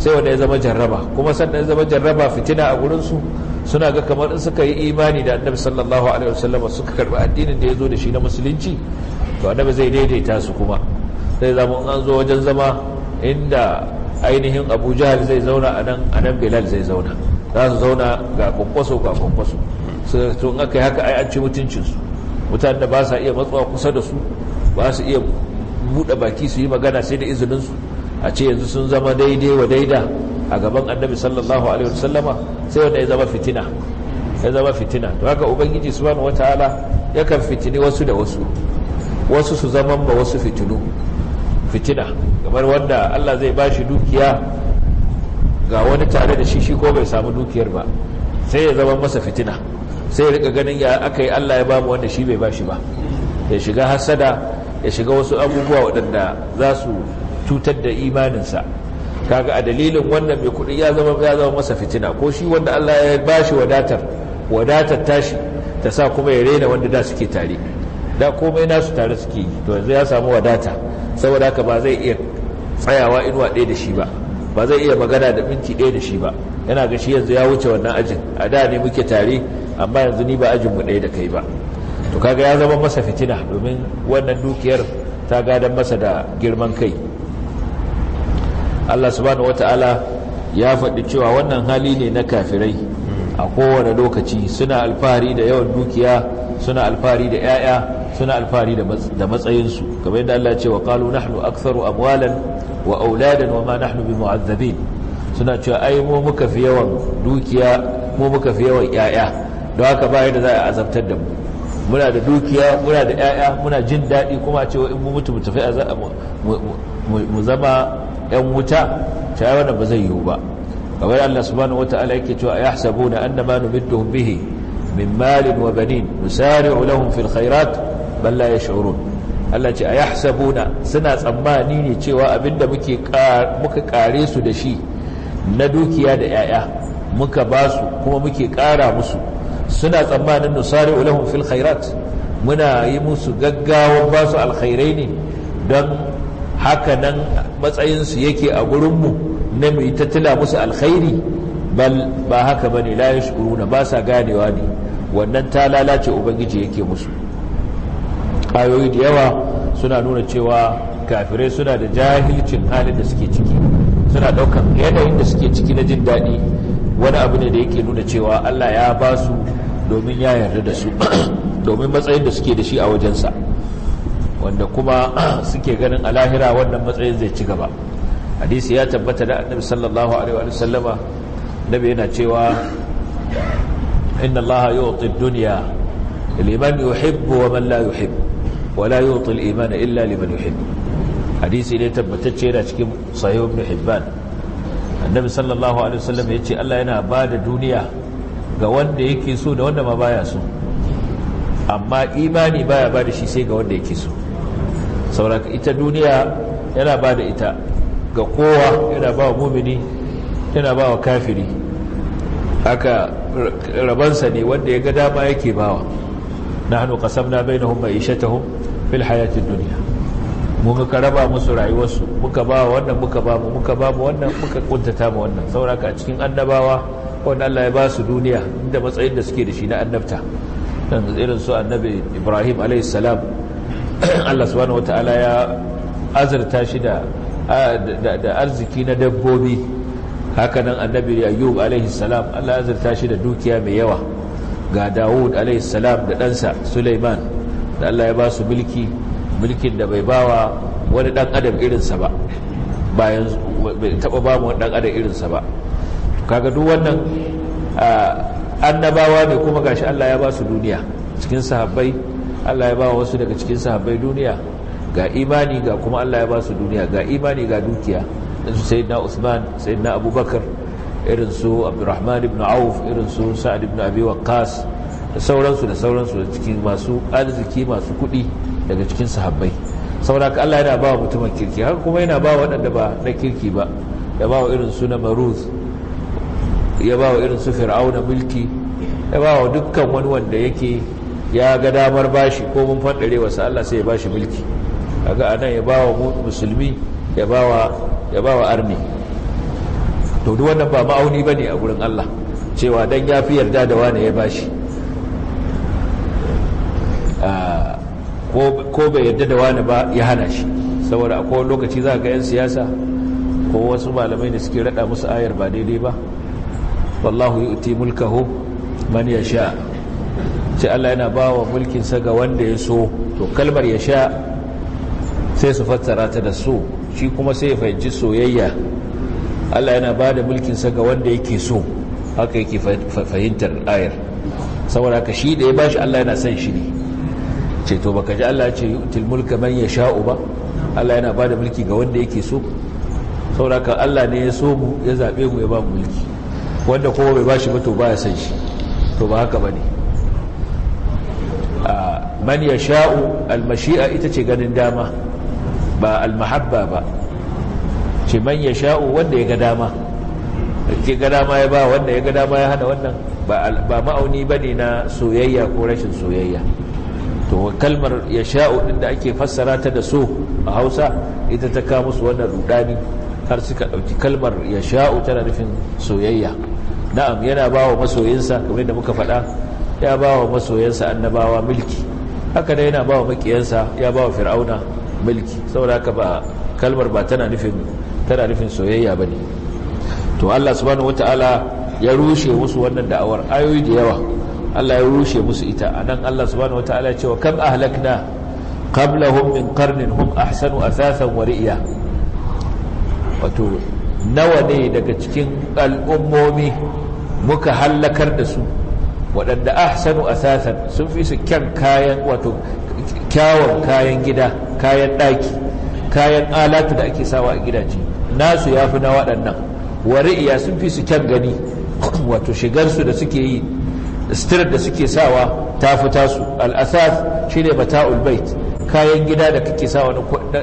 sai wanda ya zama jarraba kuma sannan ya zama jarraba fitina a gurin su suna ga kamar in suka yi imani da annabi sallallahu alaihi wasallam suka karbi addinin da ya zo da shi na musulunci to annabi zai daidaita su kuma sai zama an zo wajen zama inda ainihin abu jihar zai zauna a nan a bilal zai zauna za su zauna ga kwankwaso ga kwankwaso su in aka yi haka ai an ci mutuncinsu mutane da ba sa iya matsuwa kusa da su ba su iya buɗe baki su yi magana sai da izininsu a ce yanzu sun zama daidai wa daida a gaban annabi sallallahu alaihi wasallama sai wanda ya zama fitina ya zama fitina to haka ubangiji subhanahu wataala yakan fitini wasu da wasu wasu su zama ba wasu fitinu fitina kamar wanda Allah zai bashi dukiya ga wani tare da shi shi ko bai samu dukiyar ba sai ya zama masa fitina sai rika ganin ya aka yi Allah ya ba mu wanda shi bai bashi ba ya shiga hasada ya shiga wasu abubuwa waɗanda za su cutar da imaninsa kaga a dalilin wannan mai kuɗi ya zama ya zama masa fitina ko shi wanda Allah ya shi wadatar wadatar tashi ta sa kuma ya rena wanda da suke tare da komai nasu tare suke yi to yanzu ya samu wadata saboda haka ba zai iya tsayawa inuwa ɗaya da shi ba ba zai iya magana da minti ɗaya da shi ba yana ga shi yanzu ya wuce wannan ajin a da ne muke tare amma yanzu ni ba ajin mu ɗaya da kai ba to kaga ya zama masa fitina domin wannan dukiyar ta gadan masa da girman kai Allah subhanahu wata'ala ya faɗi cewa wannan hali ne na kafirai a kowane lokaci suna alfahari da yawan dukiya suna alfahari da 'ya'ya suna alfahari da matsayinsu kamar yadda Allah ce wa kalu nahnu aktharu amwalan wa auladan wa ma nahnu bimu'azzabin suna cewa ai mu muka fi yawan dukiya mu muka fi yawan yaya don haka ba yadda za a azabtar da mu muna da dukiya muna da yaya muna jin daɗi kuma a cewa in mu mutu mu tafi mu zama yan wuta cewa wannan ba zai yiwu ba kamar Allah subhanahu wata'ala yake cewa yahsabuna annama numidduhum bihi min malin wa banin nusari'u lahum fil khairat balla ya shurun Allah ce ayahsabuna suna tsammani ne cewa abinda muka kare su da shi na dukiya da yaya muka ba su kuma muke kara musu suna tsammanin nusari lahum fil khairat muna yi musu gaggawan ba su alkhairai ne don haka nan matsayinsu yake a gurinmu na mai tattala musu alkhairi bal ba haka ba ne la ya shuru ba sa ganewa ne wannan ta lalace ubangiji yake musu ayoyi da yawa suna nuna cewa kafirai suna da jahilcin halin da suke ciki suna daukan yanayin da suke ciki na jin daɗi wani abu ne da yake nuna cewa Allah ya ba su domin ya yarda da su domin matsayin da suke da shi a wajensa wanda kuma suke ganin a lahira wannan matsayin zai ci gaba hadisi ya tabbata da annabi sallallahu alaihi wa sallama nabi yana cewa inna allaha yu'ti ad-dunya liman yuhibbu wa man la yuhibbu wala yuti al-iman illa liman yuhibbu hadisi ne tabbatacce yana cikin sahih ibn hibban annabi sallallahu alaihi wasallam yace Allah yana bada duniya ga wanda yake so da wanda ma baya so amma imani baya bada shi sai ga wanda yake so sauraka ita duniya yana bada ita ga kowa yana ba wa mumini yana ba wa kafiri haka rabansa ne wanda ya ga dama yake bawa nahnu qasamna bainahum ma'ishatahum fil hayatid dunya mu muka raba musu rayuwarsu muka ba wannan muka ba mu muka ba mu wannan muka kuntata mu wannan sauraka a cikin annabawa wanda Allah ya ba su duniya inda matsayin da suke da shi na annabta dan irin su annabi Ibrahim alayhi salam Allah subhanahu wataala ya azurta shi da da arziki na dabbobi hakanan annabi Ayyub alaihi salam Allah ya azurta shi da dukiya mai yawa ga dawud alaihissalam da ɗansa suleiman da allah ya ba su mulki mulkin da bai bawa wani ɗan adam irinsa ba bayan taɓa ba mu wani ɗan adam irinsa ba kaga duk wannan annabawa ne kuma gashi allah ya ba su duniya cikin sahabbai allah ya ba wasu daga cikin sahabbai duniya ga imani ga kuma allah ya ba su duniya ga imani ga dukiya su sayyidina usman sayyidina abubakar irin su abdurrahman ibn auf irin su sa'ad ibn abi waqas da sauransu da sauransu da cikin masu arziki masu kuɗi daga cikin sahabbai saboda ka Allah yana ba wa mutumin kirki haka kuma yana ba waɗanda ba na kirki ba ya ba wa irin su na maruz ya ba wa irin su fir'auna mulki ya ba wa dukkan wani wanda yake ya ga damar bashi ko mun faɗare wasu Allah sai ya bashi mulki kaga anan ya ba wa musulmi ya ba wa army to duk wannan ba ma'auni bane a gurin Allah cewa dan ya fi yarda da wani ya bashi ah, ko bai yarda da wani ba ya hana shi saboda akwai lokaci za ga 'yan siyasa ko wasu malamai da suke rada musu ayar ba daidai ba wallahu yu'ti mulkahu man yasha sai Allah yana ba wa mulkin sa ga wanda ya so to kalmar yasha sai su fassara ta da so shi kuma sai ya fahimci soyayya Allah yana ba da mulkinsa ga wanda yake so haka yake fahimtar ayar saboda haka shi da ya bashi Allah yana son shi ne ce to baka ji Allah ce yu'til man yasha'u ba Allah yana ba da mulki ga wanda yake so saboda haka Allah ne ya so mu ya zabe mu ya ba mu mulki wanda kuma bai bashi ba to ba ya son shi to ba haka bane man yasha'u al-mashi'a ita ce ganin dama ba al-mahabba ba ce man ya sha'u wanda ya ga dama ke ga dama ya ba wanda ya ga dama ya hada wannan ba ma'auni ba ne na soyayya ko rashin soyayya to kalmar ya sha'u ɗin da ake fassara ta da so a hausa ita ta kawo musu wannan rudani har suka ɗauki kalmar ya sha'u tana nufin soyayya na'am yana ba wa masoyinsa kamar da muka faɗa ya ba wa masoyinsa annabawa mulki haka dai yana ba wa makiyansa ya ba wa fir'auna mulki saboda haka ba kalmar ba tana nufin tana nufin soyayya ba ne to allah subhanahu wataala ya rushe musu wannan da'awar ayoyi da yawa allah ya rushe musu ita a nan allah subhanahu wataala cewa kam ahlakna qablahum min qarnin hum ahsanu asasan wa ri'ya wato nawa ne daga cikin al'ummomi muka hallakar da su waɗanda ahsanu asasan sun fi su kyan kayan wato kyawun kayan gida kayan ɗaki kayan alatu da ake sawa a gidaje nasu ya fi na waɗannan wari'iya sun fi su kyan gani wato shigarsu da suke yi stir da suke sawa ta fi tasu al'asas shi ne mata'ul bait kayan gida da kake sawa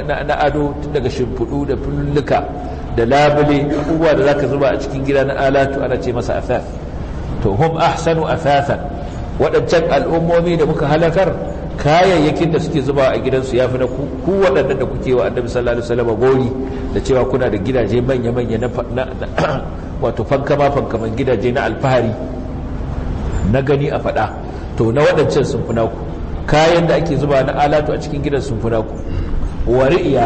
na ado daga shimfiɗu da fulluka da labule abubuwa da zaka zuba a cikin gida na alatu ana ce masa asas to hum ahsanu asasan waɗancan al'ummomi da muka halakar kayayyakin da suke zuba a gidansu ya fi na ku da kuke wa annabi sallallahu alaihi wasallam gori da cewa kuna da gidaje manya-manya na wato fankama fankaman gidaje na alfahari na gani a faɗa to na waɗancan sun fi ku kayan da ake zuba na alatu a cikin gidan sun fi wari wari'iya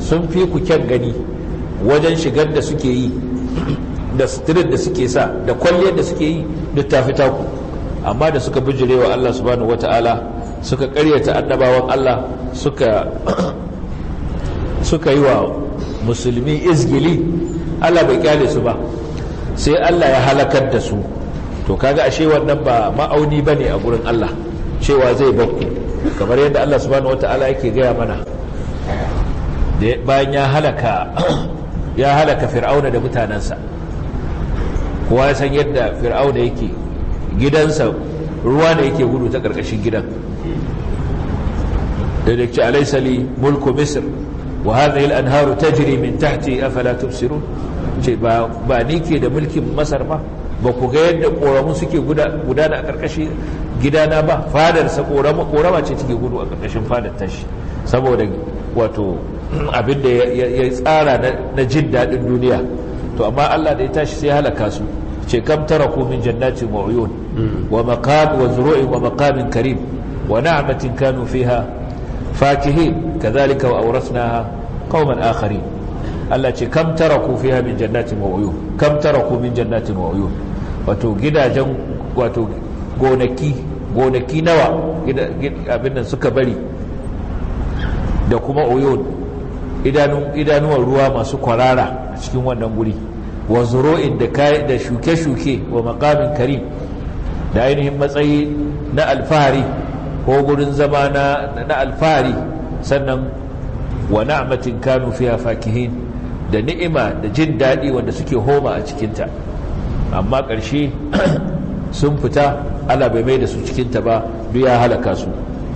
sun fi ku kyan gani wajen shigar da suke yi da sitirin da suke sa da kwalliyar da suke yi duk tafi taku amma da suka bijirewa Allah subhanahu ta'ala. suka karyata annabawan Allah suka yi wa musulmi izgili Allah bai kyale su ba sai Allah ya halakar da su to kaga ashe wannan ba ma'auni bane a gurin Allah cewa zai bakku kamar yadda Allah subhanahu wata'ala yake gaya mana bayan ya halaka ya halaka fir'auna da mutanensa kowa ya san yadda fir'auna yake gidansa ruwa da yake gudu ta ƙarƙashin gidan da ce alaysa li mulku misir wa hadhihi anharu tajri min tahti afala tubsirun ce ba ni ke da mulkin masar ba ba ku ga yadda koramu suke gudana a karkashin gidana ba fadarsa korama ce take gudu a karkashin fadar tashi saboda wato abin ya tsara na jin daɗin duniya to amma Allah da ya tashi sai halaka su ce kam taraku min jannatin wa uyun wa maqam wa zuru'in wa maqamin karim wa na'matin kanu fiha fakihin kadhalika wa awrasnaha qauman akharin Allah ce kam taraku fiha min jannati wa uyun kam taraku min jannati wa uyun wato gidajen wato gonaki gonaki nawa abin nan suka bari da kuma uyun idanuwan ruwa masu kwarara a cikin wannan guri wa zuro'in da shuke-shuke wa makamin karim da ainihin matsayi na alfahari ko gurin zama na alfari sannan wa na'matin kanu fiya fakihin da ni'ima da jin daɗi wanda suke homa a cikinta amma ƙarshe sun fita ala bai mai da su cikinta ba duk ya halaka su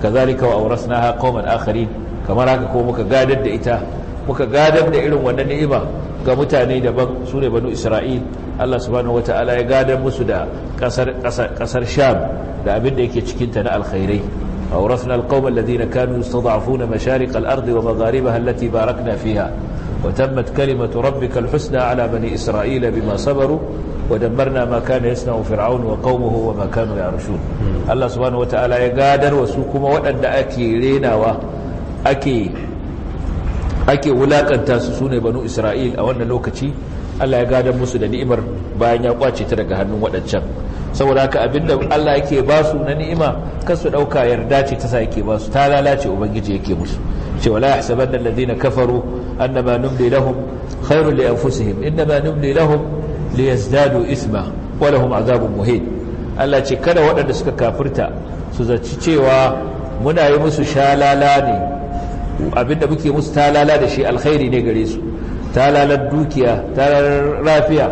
kazalika wa na qauman akharin kamar haka ko muka gadar da ita muka gadar da irin wannan ni'ima ga mutane daban su ne banu isra'il allah subhanahu wa ta'ala ya gadar musu da kasar sham da abin da yake cikinta na alkhairai aurasna alkawar da zina kanu stazafu na masharik al'ardi wa magariba hallati barakna fiha wa tammat kalimatu rabbika alhusna ala bani isra'ila bima sabaru wa dabbarna ma kana yasna'u fir'aun wa qaumuhu wa ma kanu ya'rushun hmm. allah subhanahu wa ta'ala ya gadar wasu kuma waɗanda ake renawa ake ake wulakanta su sune banu isra'il a wannan lokaci Allah ya gadon musu da ni'imar bayan ya kwace ta daga hannun waɗancan saboda haka abinda Allah yake ba su na ni'ima kan su ɗauka yarda ce ta sa yake ba su ta lalace ubangiji yake musu cewa la yahsabanna alladhina kafaru annama numli lahum khairul li anfusihim innama numli lahum liyazdadu isma wa lahum azabun muhin Allah ce kada waɗanda suka kafirta su zaci cewa muna yi musu shalala ne abinda muke musu talala da shi alkhairi ne gare su lalar dukiya lalar rafiya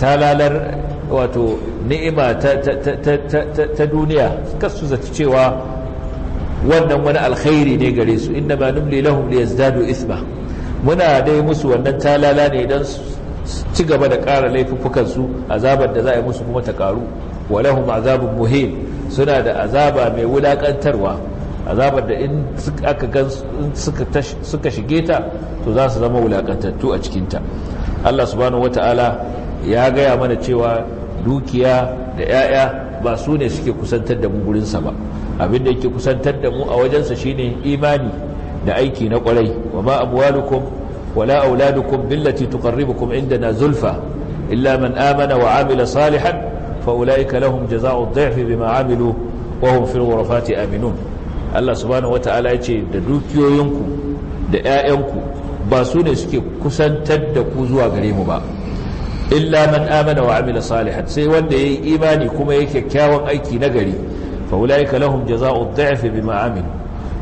talalar wato ni'ima ta duniya kasu zata cewa wannan wani alkhairi ne gare su inda ba numli lahum li yazdadu isma muna dai musu wannan talala ne don ci gaba da ƙara laifukansu azabar da za a yi musu kuma ta ƙaru wa lahum azabun muhim suna da azaba mai wulaƙantarwa azabar da in aka gan suka shige ta to za su zama wulakantattu a cikinta Allah subhanahu wata'ala ya gaya mana cewa dukiya da 'ya'ya ba su ne suke kusantar da mu gurinsa ba da yake kusantar da mu a wajensa shine imani da aiki na kwarai wa ma amwalukum wala auladukum billati tuqarribukum indana zulfa illa man amana wa amila salihan fa ulaika lahum jazaa'u dhifi bima amilu wa hum fil ghurafati aminun Allah subhanahu wata'ala ya ce da dukiyoyinku da 'ya'yanku ba su ne suke kusantar da ku zuwa gare mu ba illa man amana wa amila salihan sai wanda yayi imani kuma ya kyakkyawan aiki na gari fa ulaika lahum jazaa'u dha'f bima amil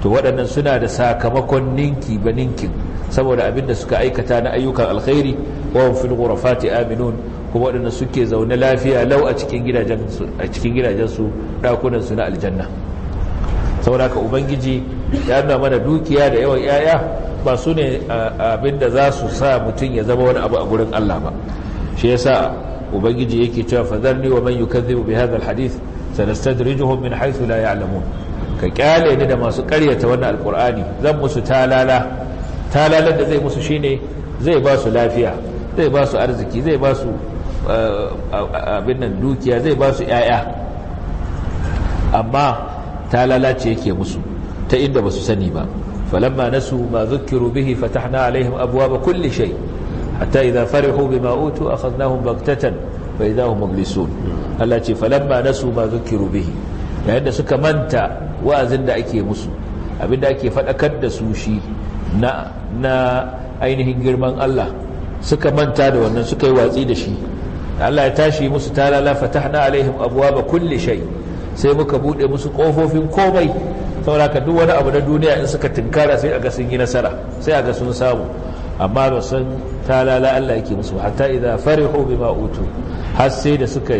to waɗannan suna da sakamakon ninki ba ninkin saboda abinda suka aikata na ayyukan alkhairi wa hum fil ghurafati aminun kuma waɗanda suke zaune lafiya lau a cikin gidajen su a cikin gidajen su dakunan su na aljanna sauraka ka ubangiji ya nuna mana dukiya da yawan yaya ba su ne abinda za su sa mutum ya zama wani abu a gurin Allah ba shi yasa ubangiji yake cewa fadarni wa man yukazzibu bi hadha alhadith sanastadrijuhum min haythu la ya'lamun ka kyale ni da masu karyata wannan alqur'ani zan musu talala talalan da zai musu shine zai ba su lafiya zai ba su arziki zai ba su eh, abin nan dukiya zai ba su yaya amma ta lalace yake musu ta inda ba su sani ba falamma nasu ma zukiru bihi fatahna alaihim abwaaba kulli shay hatta idza farihu bima utu akhadnahum baghtatan fa idza hum mublisun Allah ce falamma nasu ma zukiru bihi yayin da suka manta wa'azin da ake musu abinda ake fadakar da su shi na na ainihin girman Allah suka manta da wannan suka yi watsi da shi Allah ya tashi musu ta talala fatahna alaihim abwaaba kulli shay' sai muka buɗe musu kofofin komai saboda ka duk wani abu na duniya in suka tinkara sai a ga sun yi nasara sai a ga sun samu amma ba san talala Allah yake musu hatta idan farihu bima utu har sai da suka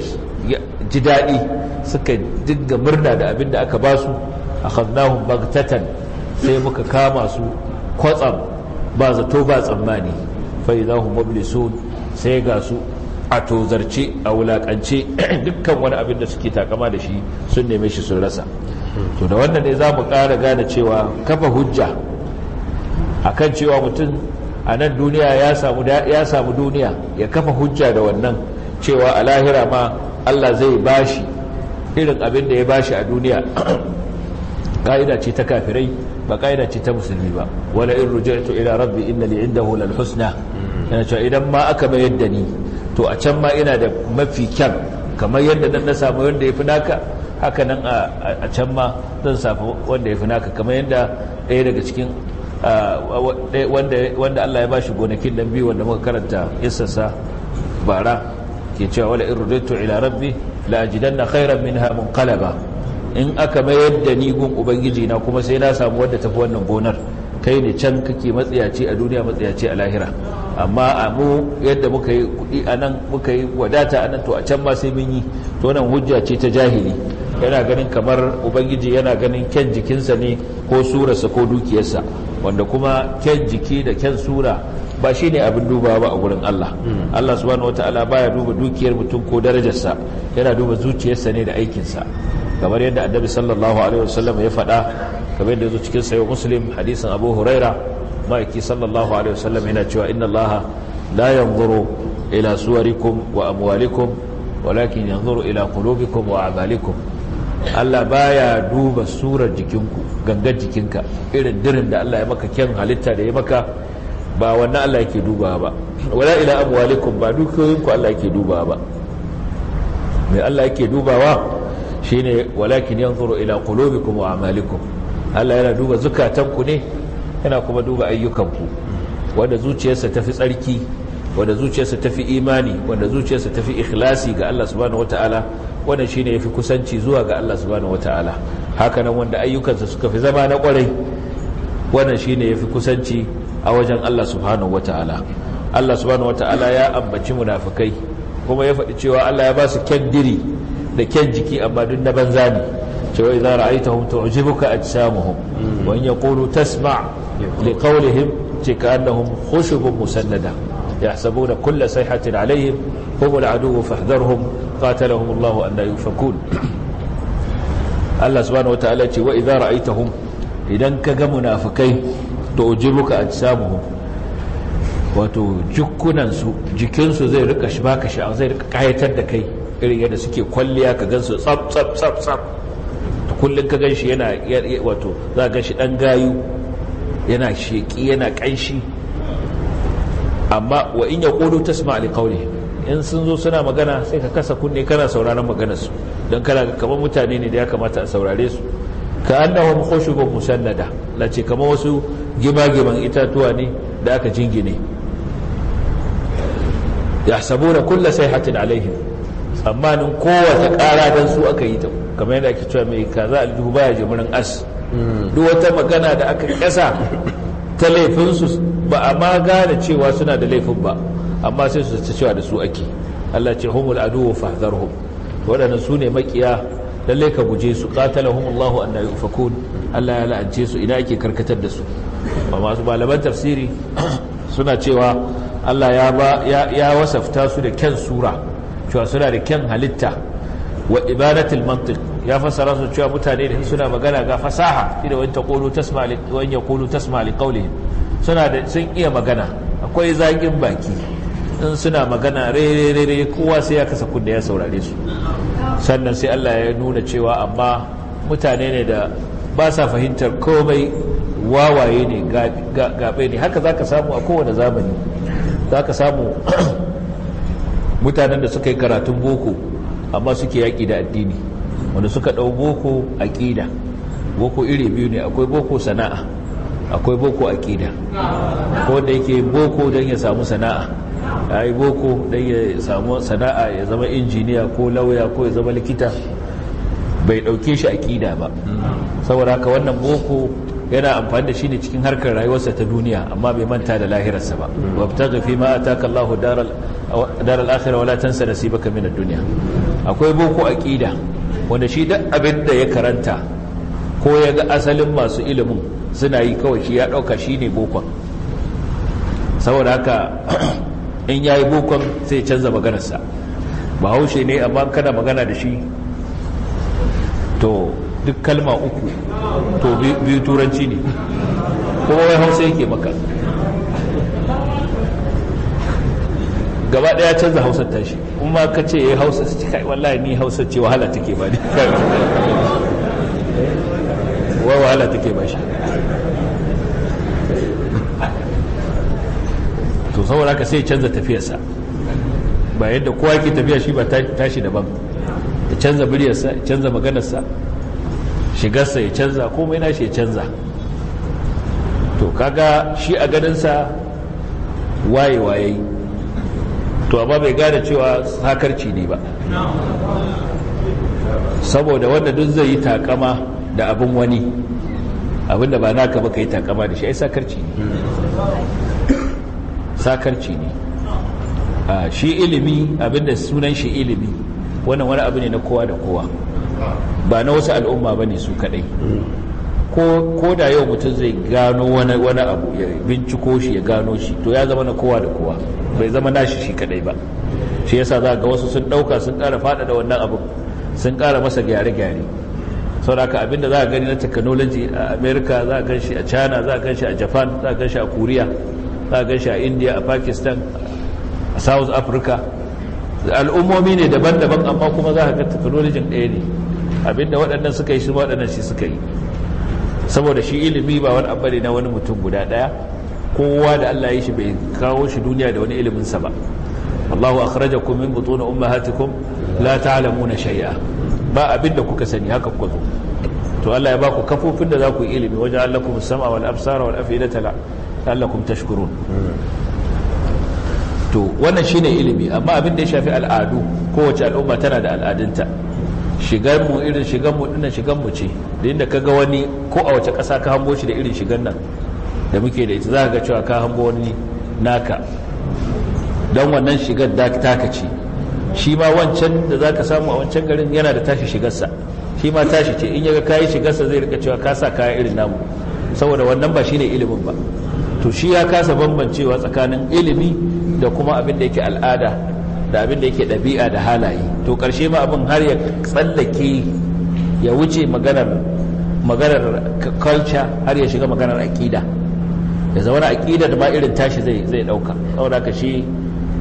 ji daɗi suka dinga murna da abin da aka basu akhadnahum baghtatan sai muka kama su kwatsam ba zato ba tsammani fa idahum mublisun sai ga su a tozarce a wulakance dukkan wani abin da suke takama da shi sun neme shi sun rasa to da wannan ne za mu ƙara gane cewa kafa hujja a kan cewa mutum a nan duniya ya samu duniya ya kafa hujja da wannan cewa a lahira ma allah zai bashi irin abin da ya bashi a duniya ƙa'ida ce ta kafirai ba ƙa'ida ce ta musulmi ba wala in rujaitu ila rabbi inna li indahu lal husna yana cewa idan ma aka mayar da ni to a can ma ina da mafi kyan kamar yadda nan na samu wanda ya fi naka haka nan a can ma zan samu wanda ya fi naka kamar yadda ɗaya daga cikin wanda Allah ya ba shi gonakin dan biyu wanda muka karanta isassa bara ke cewa wala in rudutu ila rabbi la ajidanna khairan minha munqalaba in aka mayar da ni gun ubangiji na kuma sai na samu wadda tafi wannan gonar kai ne can kake matsiyaci a duniya matsiyaci a lahira amma a mu yadda muka yi kudi a nan muka yi wadata a nan to a can ma sai mun yi to nan hujja ce ta jahili yana ganin kamar ubangiji yana ganin kyan jikinsa ne ko surarsa ko dukiyarsa wanda kuma kyan jiki da kyan sura ba shi ne abin duba ba a gurin Allah hmm. Allah subhanahu wataala baya duba dukiyar mutum ko darajarsa yana duba zuciyarsa ne da aikinsa kamar yadda annabi sallallahu alaihi wasallam ya faɗa kamar da zo cikin sayo muslim hadisin abu huraira ma'aiki sallallahu alaihi wasallam yana cewa inna allaha la yanzuru ila suwarikum wa amwalikum walakin yanzuru ila qulubikum wa a'malikum Allah baya duba surar jikinku gangar jikinka irin dirin da Allah ya maka kyan halitta da ya maka ba wannan Allah yake duba ba wala ila amwalikum ba dukiyoyinku Allah yake duba ba mai Allah yake dubawa shine walakin yanzuru ila qulubikum wa a'malikum Allah yana duba zukatanku ne yana kuma duba ayyukanku wanda zuciyarsa tafi tsarki wanda zuciyarsa tafi imani wanda zuciyarsa tafi ikhlasi ga Allah subhanahu wataala wannan shine yafi kusanci zuwa ga Allah subhanahu wataala haka nan wanda ayyukansa suka fi zama na kwarai wannan shine yafi kusanci a wajen Allah subhanahu wataala Allah subhanahu wataala ya ambaci munafikai kuma ya faɗi cewa Allah ya ba su kyan diri da kyan jiki amma duk na banza ne cewa idza ra'aytahum tu'jibuka ajsamuhum wa in yaqulu tasma' liqawlihim tikannahum khushubun musannada يحسبون كل صيحة عليهم هم العدو فاحذرهم قاتلهم الله أن لا يفكون الله سبحانه وتعالى وإذا رأيتهم idan ka ga munafikai to ujibuka ajsamuhum wato jikinsu zai rika shi baka sha zai rika kayatar da kai irin yadda suke kwalliya ka gansu tsap tsap tsap. kullum ka ganshi yana wato za ka ɗan dan gayu yana sheki yana kanshi amma wa in ya kodo tasma alqawli in sun zo suna magana sai ka kasa kunne kana sauraron maganar su dan kana kamar mutane ne da ya kamata a saurare su ka annahum khushubun musannada lace kamar wasu gima-giman itatuwa ne da aka jingine yahsabuna kulla sayhatin alaihim tsammanin kowace ƙara don su aka yi ta kamar yadda ake cewa mai kaza aljihu baya jimirin as mm. duk wata magana da aka ƙasa ta laifinsu ba a ma gane cewa suna da laifin ba amma sai su ta cewa da su ake Allah ce humul aduwu fahdharhum waɗannan su ne makiya lallai ka guje su qatalahum Allahu anna yufakun Allah ya la'ance su ina ake karkatar da su ba masu malaman tafsiri suna cewa Allah ya ya wasafta su da kyan sura cewa suna da kyan halitta wa ibadatul mantiq ya fassara su cewa mutane da suna magana ga fasaha ida wani taqulu tasma li ya tasma li suna da sun iya magana akwai zaƙin baki in suna magana rere kowa sai ya kasa kunne ya saurare su sannan sai Allah ya nuna cewa amma mutane ne da ba sa fahimtar komai wawaye ne gabe ne haka zaka samu a kowane zamani zaka samu mutanen da suka yi karatun boko amma suke yaƙi da addini wanda suka ɗau boko aƙida boko iri biyu ne akwai boko sana'a akwai boko aƙida ko wanda yake boko don ya samu sana'a ya yi boko don ya samu sana'a ya zama injiniya ko lauya ko ya zama likita bai ɗauke shi aƙida ba saboda haka wannan boko yana amfani da shi ne cikin harkar rayuwarsa ta duniya amma bai manta da lahirarsa ba wabtaghi fi ma ataka Allahu daral daral akhirah wala tansa nasibaka min ad-dunya akwai boko aqida wanda shi duk abin da ya karanta ko ya ga asalin masu ilimin suna yi kawai shi ya shi ne bokon saboda haka in yayi bokon sai canza maganarsa bahaushe ne amma kana magana da shi to duk kalma uku to biyu turanci ne kuma wai hausa yake maka gaba daya canza hausar tashi kuma ka ce ya eh, hausa su ci kai wallahi ni hausa ce wahala take ba ni wai wahala take ba shi to saboda ka sai canza tafiyarsa ba yadda kowa ke tafiya shi ba tashi daban ya canza biryarsa ya canza maganarsa shigarsa ya canza komai nashi ya canza to kaga shi a ganinsa waye waye to amma bai gane cewa sakarci ne ba saboda wanda duk zai yi takama da abin wani abin da ba naka ba ka yi takama da shi ai sakarci ne sakarci ne shi ilimi abinda sunan shi ilimi wannan wani abu ne na kowa da kowa ba na wasu al'umma ba ne su kadai ko da yau mutum zai gano wani abu ya binciko shi ya gano shi to ya zama na kowa da kowa bai zama nashi shi kadai ba shi yasa za ga wasu sun dauka sun kara faɗaɗa wannan abu sun kara masa gyare-gyare sauraka abinda za a gani na technology a america za a gan shi a china za a gan shi a japan za a gan shi a korea za a gan shi a india a pakistan a south africa al'ummomi ne daban-daban amma kuma za a ga technology ɗaya ne abinda waɗannan suka yi shi waɗannan shi suka yi saboda shi ilimi ba wani abu na wani mutum guda daya kowa da Allah ya shi bai kawo shi duniya da wani ilimin sa ba Allahu akhrajakum min butun ummahatikum la ta'lamuna shay'a ba da kuka sani haka kuka zo to Allah ya baku kafofin da za ku yi ilimi wajen allakum sam'a wal absara wal afidata la'allakum tashkurun to wannan shine ilimi amma abin da ya shafi al'adu kowace al'umma tana da al'adunta shigar mu irin shigar mu dinnan shigar mu ce da inda kaga wani ko a wace ƙasa ka hango shi da irin shigar nan da muke da ita za ka ga cewa ka hango wani naka don wannan shigar da taka ce shi ma wancan da za ka samu a wancan garin yana da tashi shigarsa shi ma tashi ce in yaga shigar shigarsa zai rika cewa ka sa kaya irin namu saboda wannan ba shine ilimin ba to shi ya kasa bambancewa tsakanin ilimi da kuma abin da yake al'ada da abin da yake ɗabi'a da halaye to ƙarshe ma abin har ya tsallake ya wuce maganar maganar culture har ya shiga maganar aƙida ya zama aƙida da ma irin tashi zai zai ɗauka saboda ka shi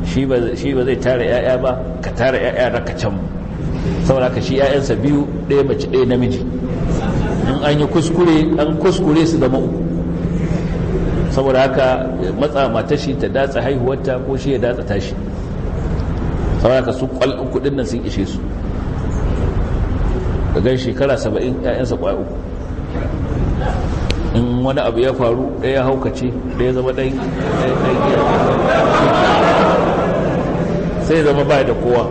shi ba zai tara 'ya'ya ba ka tara 'ya'ya ka can saboda ka shi 'ya'yansa biyu ɗaya mace ɗaya namiji in an yi kuskure an kuskure su zama uku saboda haka matsa matashi ta datsa haihuwarta ko shi ya datsa tashi saboda su kudin nan sun ishe su ga gan shekara saba'in ƴaƴansa kwaya uku in wani abu ya faru ɗaya haukace ɗaya zama ɗan sai zama ba da kowa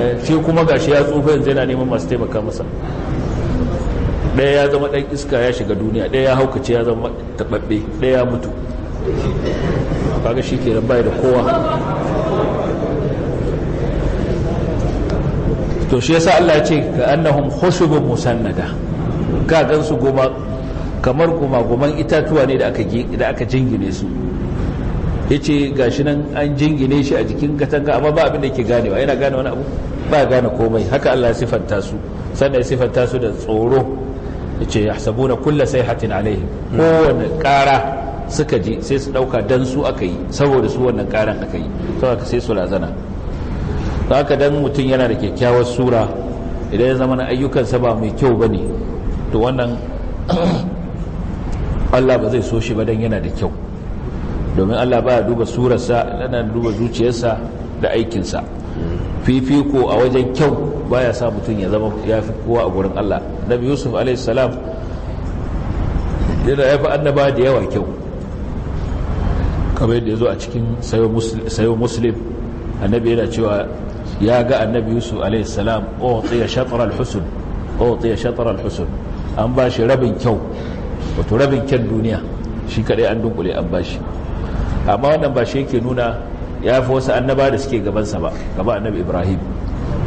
eh, shi kuma gashi ya tsufa yanzu yana neman masu taimaka masa ɗaya ya zama ɗan iska ya shiga duniya ɗaya ya haukace ya zama taɓaɓɓe ɗaya ya mutu kaga shi ke da kowa to shi yasa Allah ya ce ka annahum khushubun musannada ka gansu goma kamar goma gumaguman itatuwa ne da aka da aka jingine su yace gashi nan an jingine shi a jikin katanga amma ba abin da yake ganewa yana gane wani abu ba gane komai haka Allah ya sifanta su sannan ya sifanta su da tsoro yace yahsabuna kulla sayhatin alaihim kowanne kara suka ji sai su dauka dan su aka yi saboda su wannan karan aka yi saboda sai su lazana haka dan mutum yana da kyakkyawar sura idan ya zama na ayyukansa ba mai kyau ba ne to wannan allah ba zai so shi ba dan yana da kyau domin allah ba duba surarsa yana duba zuciyarsa da aikinsa fifiko a wajen kyau baya sa mutum ya zama ya fi kowa a gurin allah nabi yusuf salam yana ya fi annaba da yawa kyau kamar yadda ya zo a cikin sayo muslim annabi yana cewa ya ga annabi yusuf alaihi salam utiya shatr al-husn utiya shatr al-husn an bashi rabin kyau wato rabin kyan duniya shi kadai an dunkule an bashi amma wannan ba shi yake nuna ya fi wasu annaba da suke gabansa ba gaba annabi ibrahim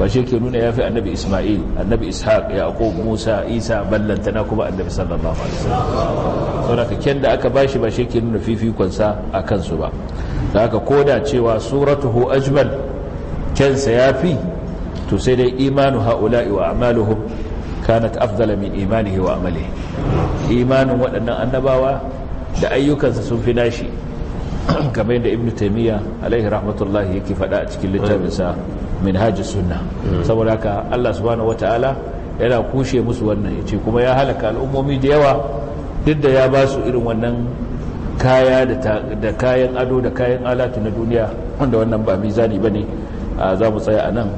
ba shi yake nuna ya fi annabi isma'il annabi ishaq yaqub musa isa ballantana kuma annabi sallallahu alaihi wasallam saboda kyan da aka bashi ba shi yake nuna fifikon sa akan su ba da aka koda cewa suratuhu ajmal kyansa ya fi to sai dai imanu ha'ula'i wa amaluhum kanat afdala min imanihi wa imanin waɗannan annabawa da ayyukansa sun fi nashi kamar yadda ibnu taymiya alaihi rahmatullahi yake faɗa a cikin littafinsa hajji sunna saboda haka Allah subhanahu wataala yana kushe musu wannan ce kuma ya halaka al'ummomi da yawa duk da ya ba su irin wannan kaya da kayan ado da kayan alatu na duniya wanda wannan ba mizani bane za mu tsaya a nan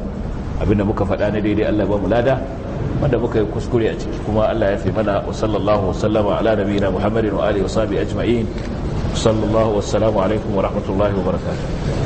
abinda muka faɗa na daidai Allah ba mu lada wanda muka yi kuskure a ciki kuma Allah ya fi mana wa sallallahu wa sallama ala nabiyina Muhammadin wa alihi wa sahbihi ajma'in sallallahu wa assalamu alaikum wa rahmatullahi wa barakatuh